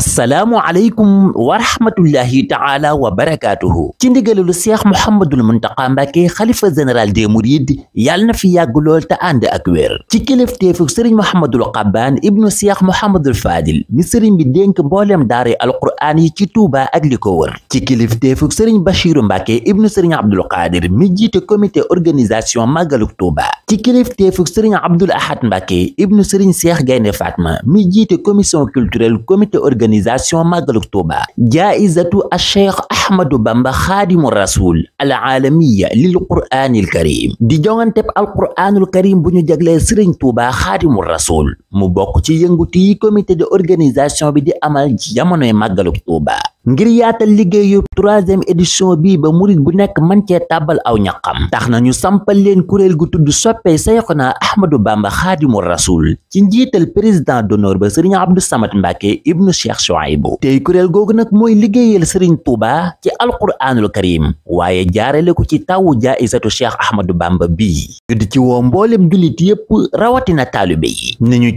a assalaamu aleykum wa rahmatullahi taala wa barakaatuhu ci ndigalulu seex Muhammadul Muntaqa Mbàkke xalifa général des mourides yàlla na fi yàgg lool te ànd ak wér ci kilifteefu sëriñ Muhammadul Qabbaan ibnu seex Muhammadul Faadil mi sëriñ bi dénk mbooleem daara alquraan yi ci Tuuba ak li ko wër ci kilifteefu sëriñ Bachiru Mbàkke ibnu sëriñ Abdul Qaadir mi jiite comité organisation màggaluk Tuuba ci kilifteefu sëriñ Abdul Ahad Mbàkke ibnu sëriñ seex Gaynde Fatma mi jiite commission culturelle comité organisation organisation màggalu Tuuba jaa'izatu acheikh ahmadu bamba xaadimu rasul al aalamiya lil qur'aanil karim di jonganteb alqur'aanul karim bu ñu jagleel sëriñ Tuuba xaadimu rasul mu bokk ci yëngutu yi comité de organisation bi di amal ci jamonoy màggalu Tuuba ngir yaatal liggéeyu troisième édition bi ba mourid bu tabel man kam. Tak aw ñakam tax na ñu sampal leen kurel gu tuddu Sayxuna Ahmadu Bamba Xaadimu Rasul ci njital président d'honneur ba serigne Abdou Samad Mbake ibnu Cheikh Chouaïbou tey kurel googu nak moy liggéeyal serigne Touba ci alquraanul karim waye jaarale ko ci tawu jaizatu Cheikh Ahmadu Bamba bi. ñu ci wo mbollem julit yep rawati na taalibe yi ñu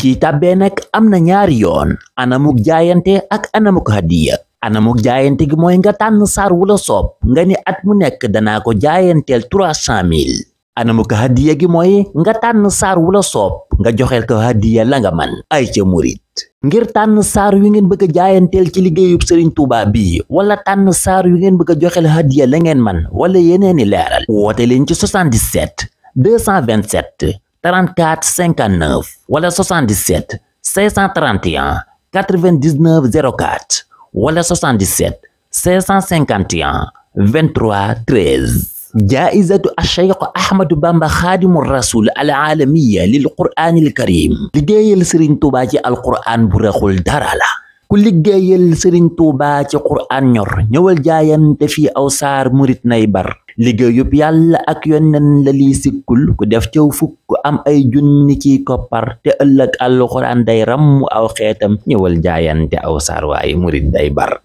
am yoon anamuk jaayante ak anamuk hadiya anamuk jaayante gi mooy nga tànn saar wula soob nga ni at mu nekk danaa ko jaayanteel trois cent mille anamuk hadiya gi mooy nga tànn saar wula soob nga joxeel ko hadiya la nga man ay ca murit ngir tànn saar yu ngeen bëgg a jaayanteel ci liggéeyub Serigne Touba bii wala tànn saar yu ngeen bëgg a joxeel hadiya la ngeen man wala yeneeni leeral woote leen ci 77 227 34 59 wala 77 531 99 04 wala 77 551 23 13 جائزة الشيخ أحمد بامبا خادم الرسول العالمية للقرآن الكريم لجيل سرين توباجي القرآن برخول دارالا ku liggéeyal Serigne Touba ci Qur'an ñor ñëwal jaayante fii aw saar murit nay bar liggéeyub yàlla ak yoneen la liy sikkul ku def tew fukk am ay junni ci koppar te ëllëg alxuraan day ram mu aw xeetam ñëwal jaayante aw sarwaayi murit day bar